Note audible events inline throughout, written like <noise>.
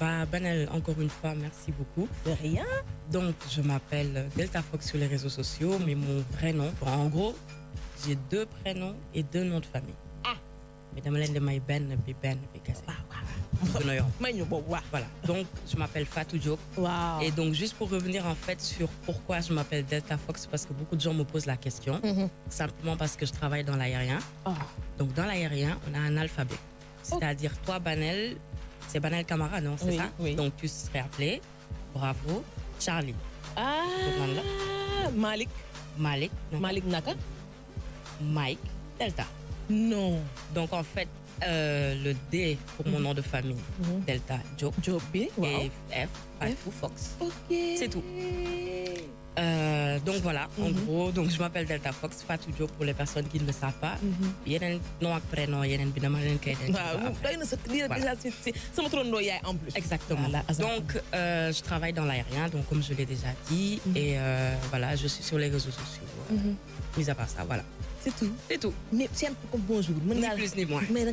Benel, bah, encore une fois, merci beaucoup. De rien. Donc, je m'appelle Delta Fox sur les réseaux sociaux, mais mon prénom, nom, en gros, j'ai deux prénoms et deux noms de famille. Ah. Mais voilà donc je m'appelle Fatou Diop. et donc juste pour revenir en fait sur pourquoi je m'appelle Delta Fox parce que beaucoup de gens me posent la question. Mm-hmm. simplement parce que je travaille dans l'aérien. Oh. donc dans l'aérien on a un alphabet. Oh. c'est-à-dire toi Banel c'est Banal Camara, non C'est ça oui. Donc tu serais appelé Bravo Charlie. Ah Malik. Malik. Malik Naka Mike Delta. Non. Donc en fait, euh, le D pour mon mhm. nom de famille, mhm. Delta Joe. Joe B. Et F, F, Fox. Ok. C'est tout. Euh, donc voilà, en mhm. gros, donc je m'appelle Delta Fox, Fatou Diop pour les personnes qui ne le savent pas. un mhm. nom ak prénom il y a un koy denc. Waaw, doy na sa lii déjà c'est sama turandoo yaay en plus. Exactement. donc euh, je travaille dans l'aérien, donc comme je l'ai déjà dit, mhm. et euh, voilà, je suis sur les réseaux sociaux. -hmm. Mis à part ça, voilà. C'est tout. C'est tout. Mais c'est un peu comme bonjour. Ni plus ni moins. Mais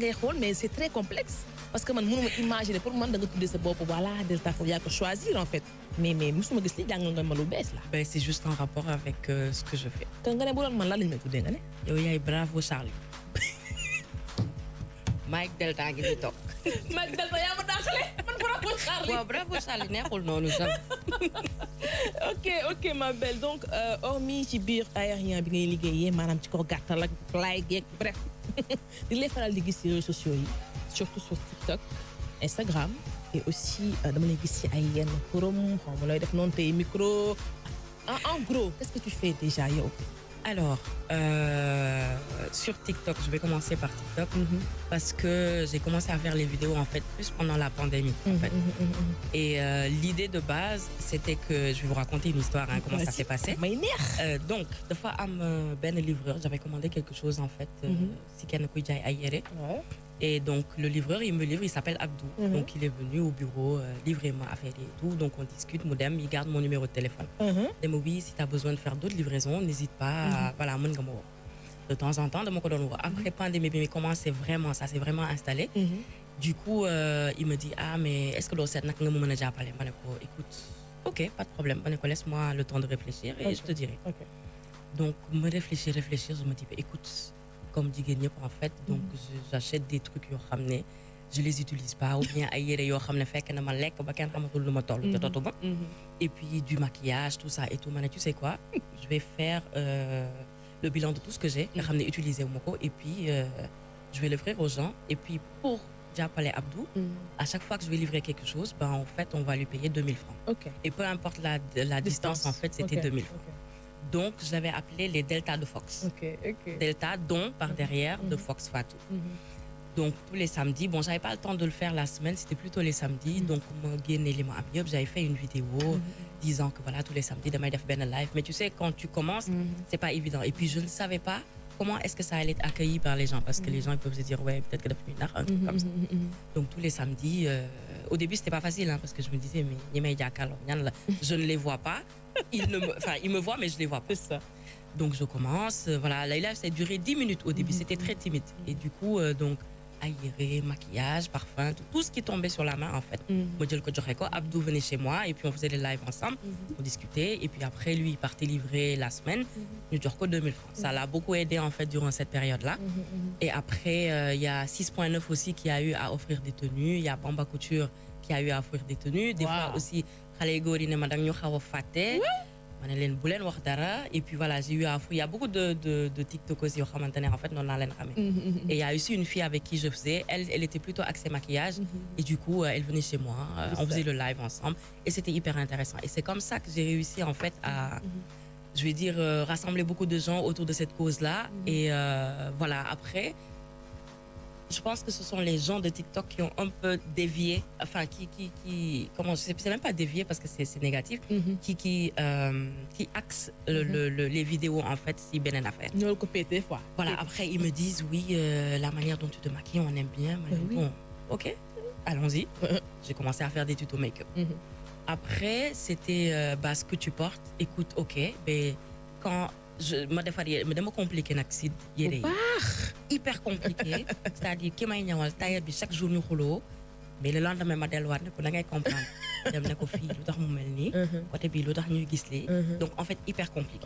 mais c'est très complexe parce que man mënuma imaginer pour man da nga tuddé sa bop voilà Delta Force yaa ko choisir en fait mais mais musuma gis li jàngal nga ma lu bees là ben c'est juste en rapport avec euh, ce que je fais. kon nga né bu man la lañ may tuddé nga né yow yaay bravo Charlie. <laughs> Mike Delta ngi di tok <laughs> Mike Delta ya ma dàqale man bravo Charlie. wa bravo Charlie neexul noonu ça <laughs> ok ok ma belle donc euh, hormis ci biir aérien bi ngay liggéeyee manam ci ko gattal ak laay bref di lay faral di gis ci réseaux sociaux yi surtout sur TikTok Instagram et aussi dans mon église micro en gros qu'est-ce que tu fais déjà alors euh, sur TikTok je vais commencer par TikTok mm-hmm parce que j'ai commencé à faire les vidéos en fait plus pendant la pandémie. En mmh, fait. Mmh, mmh, et euh, l'idée de base, c'était que je vais vous raconter une histoire, hein, comment ça s'est passé. Euh, donc, de fois, ben livreur, j'avais commandé quelque chose en fait, euh, Et donc, le livreur, il me livre, il s'appelle Abdou. Donc, il est venu au bureau, livrer ma affaire et tout. Donc, on discute, modem, il garde mon numéro de téléphone. Il me oui, si tu as besoin de faire d'autres livraisons, n'hésite pas. À, voilà, mon de temps en temps de mon doon après après mhm. pandémie comment c'est vraiment ça c'est vraiment installé mhm. du coup euh, il me dit ah mais est-ce que l'Océan n'a nga a écoute ok pas de problème laisse-moi le temps de réfléchir et je te dirai donc me réfléchir réfléchir je me dis bah, écoute comme dit ñëpp en fait donc mhm. j'achète des trucs qui ont ramené, je les utilise pas ou bien ailleurs ils ont fekk na ma lekk ba pas. et puis du maquillage tout ça et tout tu sais quoi <laughs> je vais faire euh, le bilan de tout ce que j'ai la ramener utiliser au Moko et puis euh, je vais l'offrir aux gens et puis pour jàppale Abdou mm. à chaque fois que je vais livrer quelque chose ben en fait on va lui payer 2000 francs okay. et peu importe la, la distance. en fait c'était 2000 francs donc j'avais appelé les Delta de Fox delta dont par derrière de mm. Fox Fatou mm-hmm. Donc, tous les samedis, bon, j'avais pas le temps de le faire la semaine, c'était plutôt les samedis. Mm-hmm. Donc, moi, j'avais fait une vidéo mm-hmm. disant que voilà, tous les samedis, demain, il Ben Live. Mais tu sais, quand tu commences, mm-hmm. c'est pas évident. Et puis, je ne savais pas comment est-ce que ça allait être accueilli par les gens Parce que les gens ils peuvent se dire, ouais, peut-être que la un truc comme ça. Donc tous les samedis, euh, au début, c'était pas facile, hein, parce que je me disais, mais je ne les vois pas. Ils, ne enfin ils me voient, mais je les vois pas. ça. Donc je commence. Euh, voilà, la live, ça a duré 10 minutes au début. C'était très timide. Et du coup, euh, donc aéré, maquillage, parfum, tout, ce qui tombait sur la main en fait. Mm-hmm. Moi, je le Abdou venait chez moi et puis on faisait des lives ensemble, mm-hmm. on discutait et puis après lui, il partait livrer la semaine, mm-hmm. New York 2000 francs. Ça l'a beaucoup aidé en fait durant cette période-là. Et après, euh, il y a 6.9 aussi qui a eu à offrir des tenues, il y a Bamba Couture qui a eu à offrir des tenues, des fois aussi Khalego Madame Faté et puis voilà j'ai eu il y a beaucoup de de, de en fait non mm-hmm, mm-hmm. et il y a aussi une fille avec qui je faisais elle elle était plutôt axée maquillage mm-hmm. et du coup euh, elle venait chez moi euh, on faisait le live ensemble et c'était hyper intéressant et c'est comme ça que j'ai réussi en fait à je vais dire euh, rassembler beaucoup de gens autour de cette cause là et voilà après je pense que ce sont les gens de TikTok qui ont un peu dévié, enfin, qui, qui, qui comment, c'est même pas dévié parce que c'est négatif, mhm. qui, qui, euh, qui axe mhm. les vidéos, en fait, si bien a fait Nous le couper des fois. Voilà, après, ils me disent, oui, euh, la manière dont tu te maquilles, on aime bien. Bon, ok, allons-y. J'ai commencé à faire des tutos make-up. Mhm. Après, c'était, euh, bas ce que tu portes, écoute, ok, mais quand je me defar yére dama compliqué nag si hyper compliqué c'est-à-dire que may ñawal taille bi chaque jour ñu xuloo mais le lendemain ma delluwaat pour ko da ngay comprendre dem ne ko fii lu tax mu mel nii mhm. côté bii lu ñuy mhm. donc en fait hyper compliqué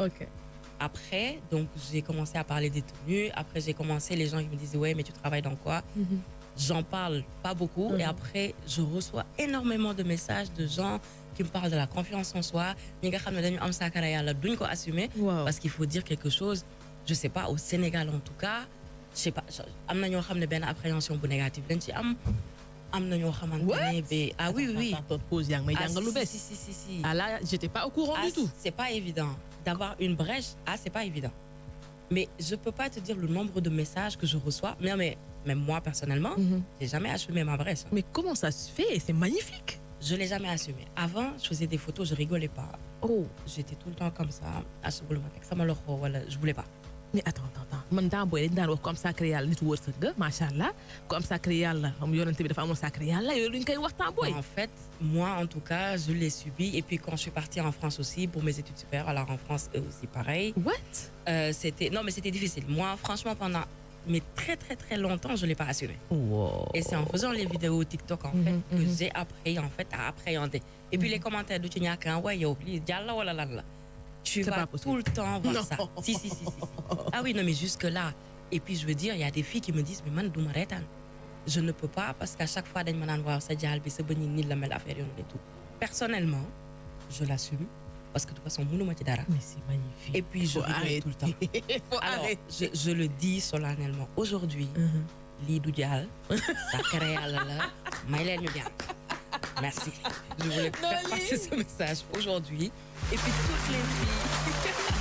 après donc j'ai commencé à parler des tenues après j'ai commencé les gens ils me disaient ouais mais tu travailles dans quoi mhm. j'en parle pas beaucoup et après je reçois énormément de messages de gens qui me parle de la confiance en soi parce qu'il faut dire quelque chose je sais pas au Sénégal en tout cas je sais pas j'ai appréhension négative am ah oui oui ah, si si si si ah là j'étais pas au courant ah, du tout c'est pas évident d'avoir une brèche ah c'est pas évident mais je peux pas te dire le nombre de messages que je reçois mais mais même moi personnellement mm-hmm. j'ai jamais achevé ma brèche mais comment ça se fait c'est magnifique je ne l'ai jamais assumé. Avant, je faisais des photos, je rigolais pas. Oh, j'étais tout le temps comme ça. Je voulais pas. mais attends attends attends man temps booy dañ comme ça, yàlla nit wërsëg nga ah, allah comme ça, yàlla am faire bi sacré yàlla yooyu il koy wax temps en fait moi en tout cas je l'ai subi et puis quand je suis partie en France aussi pour mes études supérieures alors en France aussi pareil. what. Euh, c'était non mais c'était difficile moi franchement pendant mais très très très longtemps, je l'ai pas assumé. Et c'est en faisant les vidéos TikTok en fait mm-hmm, que mm-hmm. j'ai appris en fait à appréhender. Et puis les mm-hmm. commentaires de qu'un, ouais, il la. tu vas tout le temps voir ça. Si, si, si, si, Ah oui, non, mais jusque-là. Et puis je veux dire, il y a des filles qui me disent, mais man, je ne peux pas parce qu'à chaque fois, ça Personnellement, je l'assume, parce que de toute façon, Mouno Matidara. Mais c'est magnifique. Et puis, je arrête tout le temps. <laughs> Alors, je, le dis solennellement. Aujourd'hui, mhm. Lidou Dial, Mylène Merci. Je voulais faire passer ce message aujourd'hui. Et puis, toutes les filles. <laughs>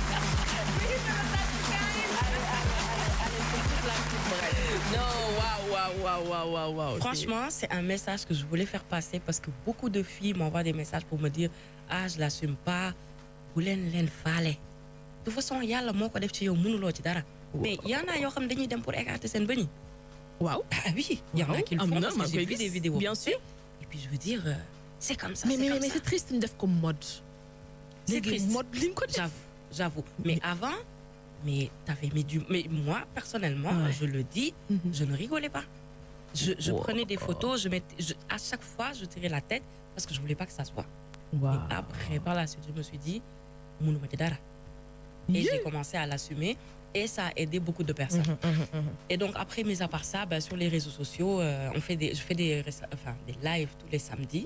Franchement, c'est un message que je voulais faire passer parce que beaucoup de filles m'envoient des messages pour me dire Ah, je l'assume pas. Boulen len fale. De toute façon, yalla moko def ci yow mënuloo ci dara. Mais yana yo xam dañuy dem pour écarter sen bëni. Waouh. Ah oui, il y en a qui le font j'ai vu des vidéos. Bien sûr. Et puis je veux dire euh, c'est comme ça, Mais mais, c'est triste une def comme mode. C'est triste. Mode j'avoue. J'avoue. Mais avant mais t'avais du. Mais moi, personnellement, je le dis, mhm. je ne rigolais pas. Je, prenais des photos, je à chaque fois, je tirais la tête parce que je voulais pas que ça soit. Et après, par la suite, je me suis dit, Et j'ai commencé à l'assumer et ça a aidé beaucoup de personnes. Mhm, mhm, et donc, après, mis à part ça, bah, sur les réseaux sociaux, euh, on fait des, je fais des, enfin, des lives tous les samedis.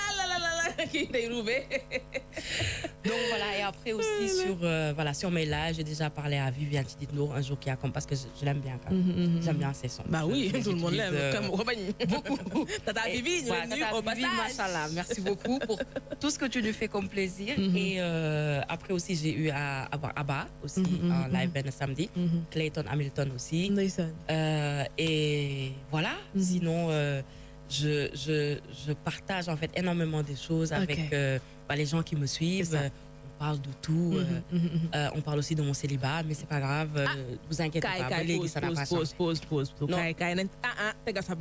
qui est <laughs> Donc voilà, et après aussi sur, euh, voilà, sur mes lives, j'ai déjà parlé à Viviane nous un jour qui a comme, parce que je, l'aime bien quand même. Mm-hmm, mm-hmm. J'aime bien ses sons. Bah oui, tout le monde l'aime, euh, comme Robin. Beaucoup. <laughs> Tata Vivi, voilà, Machala, au Merci beaucoup pour <laughs> tout ce que tu lui fais comme plaisir. Mm-hmm. Et euh, après aussi, j'ai eu à avoir Abba aussi, en live ben samedi. Clayton Hamilton aussi. Euh, et voilà, sinon je, je, je, partage en fait énormément des choses avec euh, bah, les gens qui me suivent. Euh, on parle de tout. Mhm, euh, mhm, mhm. on parle aussi de mon célibat, mais c'est pas grave. Ah. vous inquiétez pas. pose, pose, pose, pose, célibataire.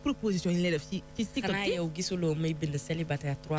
proposition célibataire 3.0.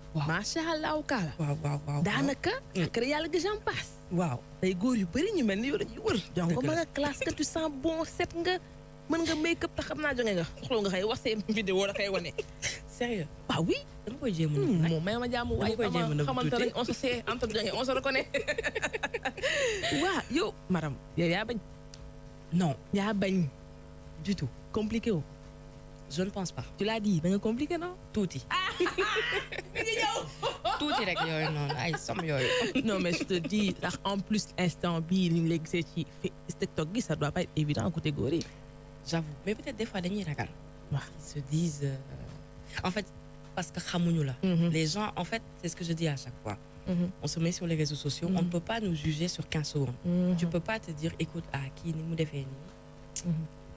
waaw macha allah kaala. waaw waaw waaw daanaka. Hmm. kër yàlla gi j'en passe. waaw tey eh, goor yu bari ñu melni ni wër. donc ma nga classe que tu sens bon set nga mën nga make up te xam naa nga xooloo nga xëy wax sé vidéo da koy wane. sérieux waaw oui. da nga koy jéem a moom may ma jàmm waaye ma xamante ne on se sait entre jóge on se reconnaît. wa yo madame ya ya bañ. non ya bañ. du tout compliqué oh. je ne pense pas. tu l'as dit da compliqué non Touti. ah non mais je te dis en plus instant bii il c'est léegi ça doit pas être évident en catégorie j'avoue mais peut-être des fois les gens se disent euh, en fait parce que xamuñu mm-hmm. les gens en fait c'est ce que je dis à chaque fois. Mm-hmm. on se met sur les réseaux sociaux on ne mm-hmm. peut pas nous juger sur 15 secondes. tu peux pas te dire écoute à ah, qui ni mu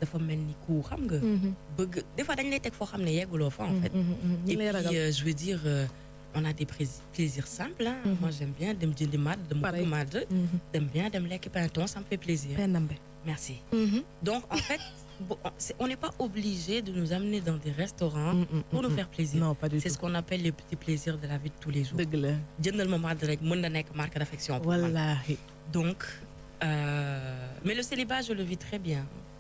dafa mel ni ku xam nga. Mhm. bëgg des fois dañ lay teg foo xam ne yegguloo fa en mhm, fait. Mhm, et puis euh, je veux dire euh, on a des plaisirs simples ah. moi j'aime bien dem jëndi mad dem bëgg madd. dem bien dem lekk pinton ça me fait plaisir. merci. donc en fait. <laughs> Bon, on n'est pas obligé de nous amener dans des restaurants pour nous faire plaisir. C'est ce qu'on appelle les petits plaisirs de la vie de tous les jours. marque d'affection. Voilà. Donc, euh, mais le célibat, je le vis très bien.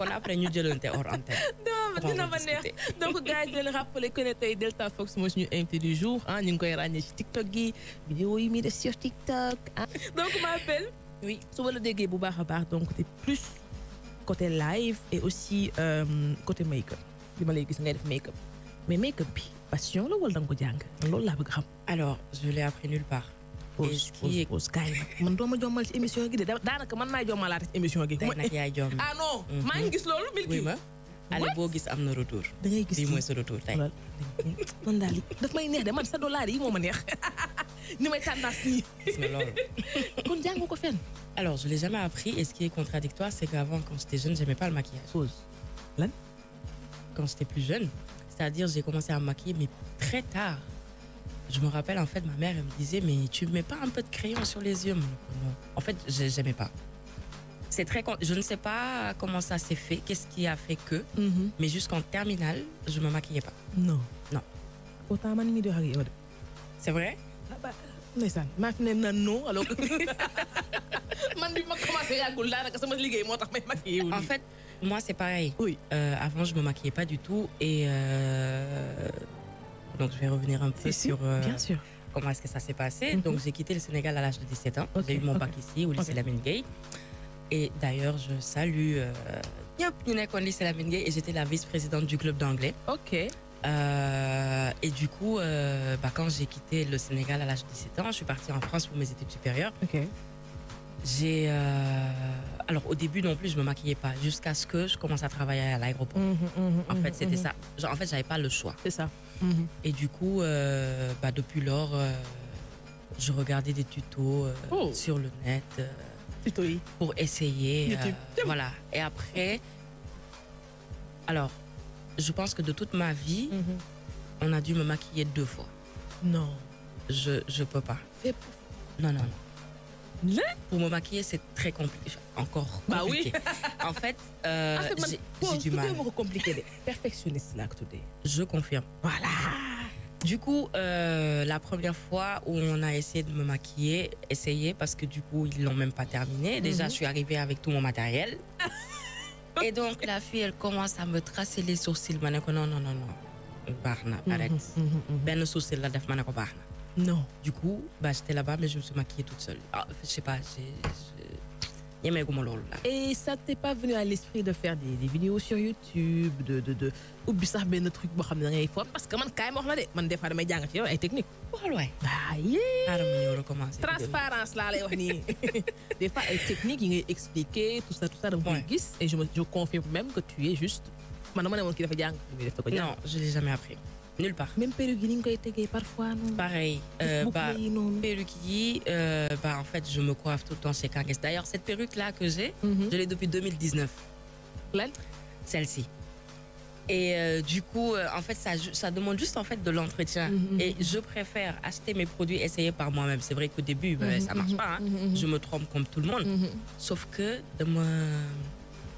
kon après ñu jëlante hors antenne. <laughs> dina ma neex donc gars yi di leen rappeler que ne tey Delta Fox suis suñu invité du jour ah ñu ngi koy ràññee ci TikTok gi. vidéo yi muy def sur TikTok ah. donc ma belle. oui su ma la déggee bu baax baax donc c'est plus côté live et aussi euh, côté make-up li ma lay gis ngay def make-up mais make-up bi passion la wala da nga ko jàng loolu laa bëgg xam. alors je l'ai appris nulle part pause pause pause kaay man doo ma jommal ci émission gi de daanaka man maay jommalaat ci émission gi. tey nag yaay jomm ah non. Mhm. maa ngi gis loolu mil gi. ale boo retour. da ngay gis retour tey. man daal daf may neex de man sa dollar yi moo ma neex <laughs> ni may tendance nii. gis nga loolu. <laughs> kon jàngu ko fenn. alors je l'ai jamais appris et ce qui est contradictoire c'est qu'avant quand j'étais jeune j'aimais pas le maquillage. pause quand j'étais plus jeune c'est-à-dire j'ai commencé à me maquiller mais très tard je me rappelle, en fait, ma mère, elle me disait, mais tu mets pas un peu de crayon sur les yeux, En fait, j'aimais pas. C'est très, je ne sais pas comment ça s'est fait, qu'est-ce qui a fait que, mm-hmm. mais jusqu'en terminale, je me maquillais pas. Non. Non. C'est vrai? Ah, bah, <laughs> en fait moi c'est pareil oui euh, avant je me maquillais pas du tout et euh, donc, je vais revenir un peu sur euh, comment est-ce que ça s'est passé. Mhm. Donc, j'ai quitté le Sénégal à l'âge de 17 ans. j'ai eu mon bac ici, au lycée okay. Lamine Et d'ailleurs, je salue euh, Nina au lycée Lamine Gay et j'étais la vice-présidente du club d'anglais. OK. Euh, et du coup, bah, quand j'ai quitté le Sénégal à l'âge de 17 ans, je suis partie en France pour mes études supérieures. OK j'ai. Euh, alors, au début non plus, je me maquillais pas, jusqu'à ce que je commence à travailler à l'aéroport. Mmh, mmh, mmh, en fait, c'était ça. en fait, j'avais pas le choix. C'est ça. Et du coup, euh, bah, depuis lors, euh, je regardais des tutos oh. sur le net. Pour essayer. voilà. Et après, alors, je pense que de toute ma vie, on a dû me maquiller deux fois. Non. Je ne peux pas. Non, non, non. Pour me maquiller, c'est très compliqué. Encore compliqué. Bah oui. <laughs> en fait, euh, ah, j'ai du mal. Perfectionniste Je confirme. Voilà. Du coup, euh, la première fois où on a essayé de me maquiller, essayer parce que du coup, ils l'ont même pas terminé. Mhm. Déjà, je suis arrivée avec tout mon matériel. <laughs> Et donc, la fille, elle commence à me tracer les sourcils. non, non, non, non. Barna, mhm, arrête. Mhm, ben, le sourcil, là, def, barna. Non. Du coup, bah, j'étais là-bas, mais je me suis maquillée toute seule. Ah, je sais pas, j'ai. Et ça t'est pas venu à l'esprit de faire des, vidéos sur YouTube, de. de, de... Ou bizarre, mais le truc, parce que moi, quand même, je des fois, je suis technique. Ouais. Ah, yeah. recommencer. Transparence, là, les <laughs> Des fois, les techniques, il est expliqué, tout ça, tout ça, ouais. et je, me, je confirme même que tu es juste. Non, je ne l'ai jamais appris nulle part. Même perruque été koy parfois non. Pareil. Euh, bah, euh, bah en fait je me coiffe tout le temps chez D'ailleurs cette perruque là que j'ai, mhm. je l'ai depuis 2019. Celle-ci. Et euh, du coup, euh, en fait, ça, ça demande juste en fait de l'entretien. Mhm. Et je préfère acheter mes produits, essayer par moi-même. C'est vrai qu'au début, bah, mhm. ça marche pas. Hein. Je me trompe comme tout le monde. Sauf que de moi,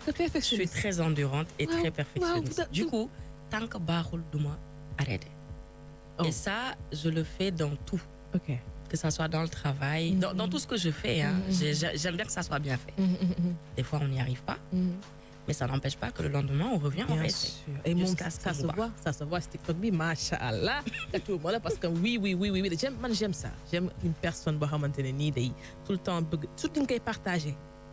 je suis très endurante et très perfectionniste. Du coup, tant que barre de moi, arrêtez. Oh. Et ça, je le fais dans tout. ok Que ça soit dans le travail, mm-hmm. dans, tout ce que je fais. Hein. Mm-hmm. J'aime bien que ça soit bien fait. Mm-hmm, Des fois, on n'y arrive pas. Mais ça n'empêche pas que le lendemain, on revient, Et mon casque ça se voit, ça se voit, c'était comme machallah. <laughs> tout le monde, parce que oui, oui, oui, oui, oui. J'aime, j'aime ça. J'aime une personne, tout le temps, tout le temps, partager.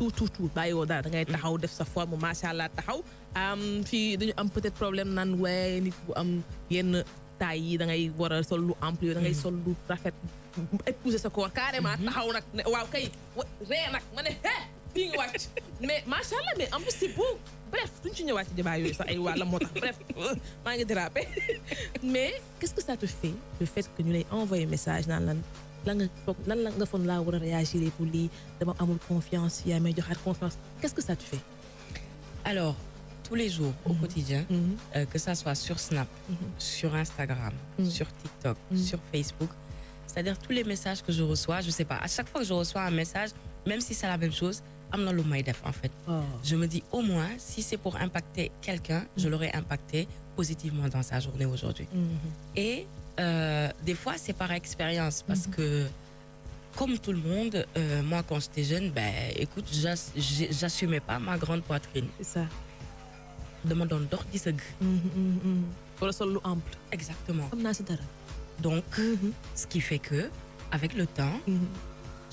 tout tout tout bayo dara da ngay taxaw def sa forme macha allah taxaw fi dañu am peut-être problème nan way nit bu am yenn taille yi da ngay wara sol lu ample mhm. da ngay sol lu rafet épouser sa corps carrément mhm. taxaw nak waaw kay ree nak mané hé hee bii ngi <laughs> mais macha allah mais en plus c'est beau bref duñ ci ñëwaat ci débat yooyu sax ay wàlla moo tax bref <laughs> maa ngi dérapé <laughs> mais qu'est-ce que ça te fait le fait que ñu lay envoyer message naan lan lan nga la nga réagir pour dama confiance confiance qu'est-ce que ça te fait. alors tous les jours au mm-hmm. quotidien. Mm-hmm. Euh, que ça soit sur Snap. Mm-hmm. sur Instagram. sur TikTok. sur Facebook. c'est-à-dire tous les messages que je reçois je sais pas à chaque fois que je reçois un message même si c'est la même chose lu en fait. Oh. je me dis au moins si c'est pour impacter quelqu'un je l'aurais impacté positivement dans sa journée aujourd'hui et euh, des fois, c'est par expérience parce mhm. que, comme tout le monde, euh, moi, quand j'étais jeune, ben, écoute, j'assumais pas ma grande poitrine. C'est ça. Demandons d'or mhm, mhm, Pour le sol ample. Exactement. Donc, ce qui fait que, avec le temps,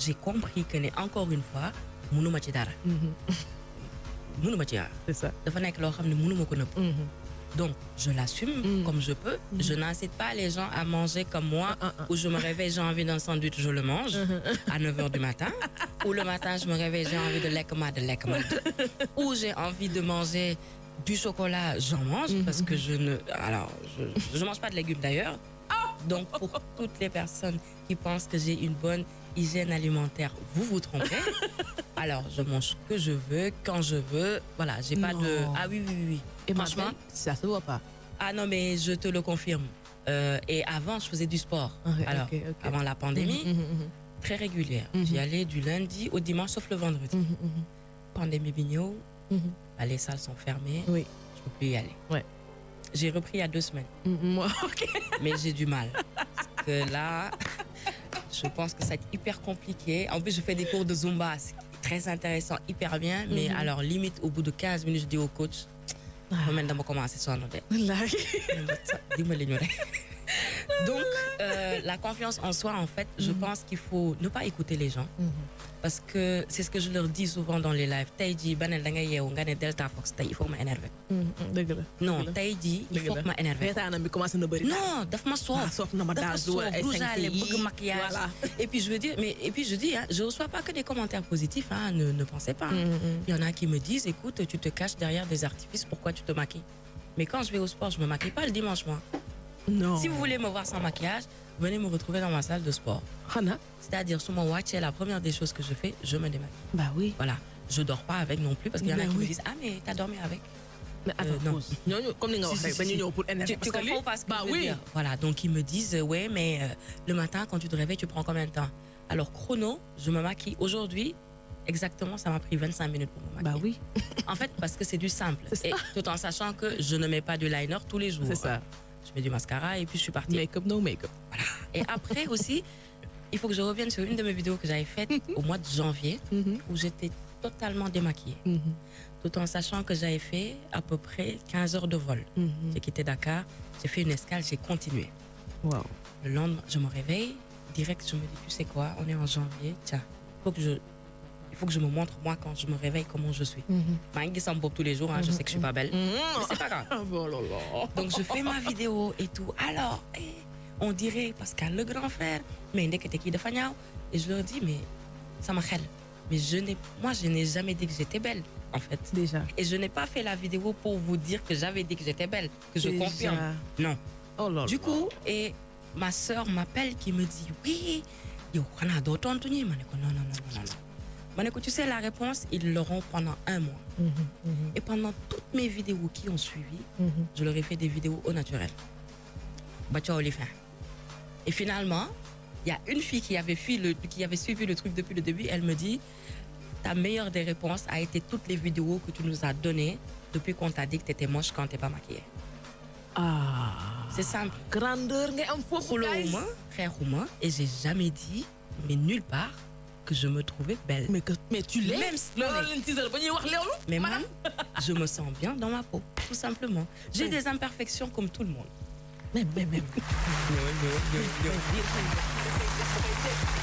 j'ai compris que, encore une fois, munu ma ci C'est ça. Donc, je l'assume mm. comme je peux. Mm. Je n'incite pas les gens à manger comme moi, ou ah, ah, ah. où je me réveille, j'ai envie d'un sandwich, je le mange mm-hmm. à 9h du matin. ou le matin, je me réveille, j'ai envie de l'ekma, de l'ekma. <laughs> ou j'ai envie de manger du chocolat, j'en mange, mm-hmm. parce que je ne... Alors, je ne mange pas de légumes d'ailleurs. Donc, pour toutes les personnes qui pensent que j'ai une bonne hygiène alimentaire, vous vous trompez. <laughs> Alors, je mange ce que je veux, quand je veux. Voilà, j'ai pas de. Ah oui, oui, oui. Et franchement, ça se voit pas. Ah non, mais je te le confirme. Euh, et avant, je faisais du sport. Ah Alors, avant la pandémie, mhm, mhm, mhm. très régulière. J'y allais du lundi au dimanche, sauf le vendredi. Pandémie bignot, les salles sont fermées. Oui. Je peux plus y aller. Ouais. J'ai repris il y a deux semaines. Moi, <laughs> Mais j'ai du mal. Parce que là. Je pense que ça va être hyper compliqué. En plus, je fais des cours de Zumba, c'est très intéressant, hyper bien. Mais mhm. alors, limite, au bout de 15 minutes, je dis au coach, ah. <laughs> <laughs> de <laughs> donc euh, la confiance en soi en fait je mhm. pense qu'il faut ne pas écouter les gens mhm parce que c'est ce que je leur dis souvent dans les lives Taïdi, jii da nga Delta Force il faut m'énerver. non Taïdi, il faut que ma énervé. Mm-hmm. non daf ma soof. Ah, soof na ma maquillage. et puis je veux dire mais et puis je dis hein, je reçois pas que des commentaires positifs hein. ne ne pensez pas. Hein. Mm-hmm. il y en a qui me disent écoute tu te caches derrière des artifices pourquoi tu te maquilles mais quand je vais au sport je me maquille pas le dimanche moi. non si vous voulez me voir sans maquillage venez me retrouver dans ma salle de sport. C'est-à-dire, sur mon watch, la première des choses que je fais, je me démaquille. Bah oui. Voilà. Je dors pas avec non plus parce qu'il y en a qui me disent Ah, mais t'as dormi avec euh, <laughs> non. Non, Comme les bah, Voilà, donc ils me disent, euh, ouais, mais euh, le matin, quand tu te réveilles, tu prends combien de temps Alors, chrono, je me maquille. Aujourd'hui, exactement, ça m'a pris 25 minutes pour me bah maquiller. Bah oui. en fait, parce que c'est du simple. <laughs> tout en sachant que je ne mets pas de liner tous les jours. C'est ça je mets du mascara et puis je suis partie. Make-up, no make-up. Voilà. Et après aussi, il faut que je revienne sur une de mes vidéos que j'avais faite mhm. au mois de janvier, mhm. où j'étais totalement démaquillée. Mhm. Tout en sachant que j'avais fait à peu près 15 heures de vol. J'ai quitté Dakar, j'ai fait une escale, j'ai continué. Wow. Le lendemain, je me réveille, direct, je me dis, tu sais quoi, on est en janvier, tiens, faut que je faut que je me montre, moi, quand je me réveille, comment je suis. Je mhm. suis tous les jours, hein, je mhm. sais que je suis pas belle. Mhm. Mais c'est pas grave. <laughs> Oh Donc, je fais ma vidéo et tout. Alors, eh, on dirait, Pascal, le grand frère, mais il est qui de Et je leur dis, mais ça m'a mais je n'ai, moi, je n'ai jamais dit que j'étais belle, en fait. Déjà. Et je n'ai pas fait la vidéo pour vous dire que j'avais dit que j'étais belle, que je confirme. Non. Oh du coup, et ma soeur m'appelle qui me dit, oui, il y a non, non, non, non, non. Bon, écoute, tu sais, la réponse, ils l'auront pendant un mois. Mhm, mhm. Et pendant toutes mes vidéos qui ont suivi, mhm. je leur ai fait des vidéos au naturel. Bah, tu vois, Et finalement, il y a une fille qui avait, qui avait suivi le truc depuis le début. Elle me dit Ta meilleure des réponses a été toutes les vidéos que tu nous as données depuis qu'on t'a dit que tu étais moche quand tu t'es pas maquillée. Ah. C'est simple. Grandeur, mais un faux Et j'ai jamais dit, mais nulle part, je me trouvais belle. Mais, que, tu l'es Même Mais moi, je me sens bien dans ma peau, tout simplement. J'ai des imperfections comme tout le monde. <laughs>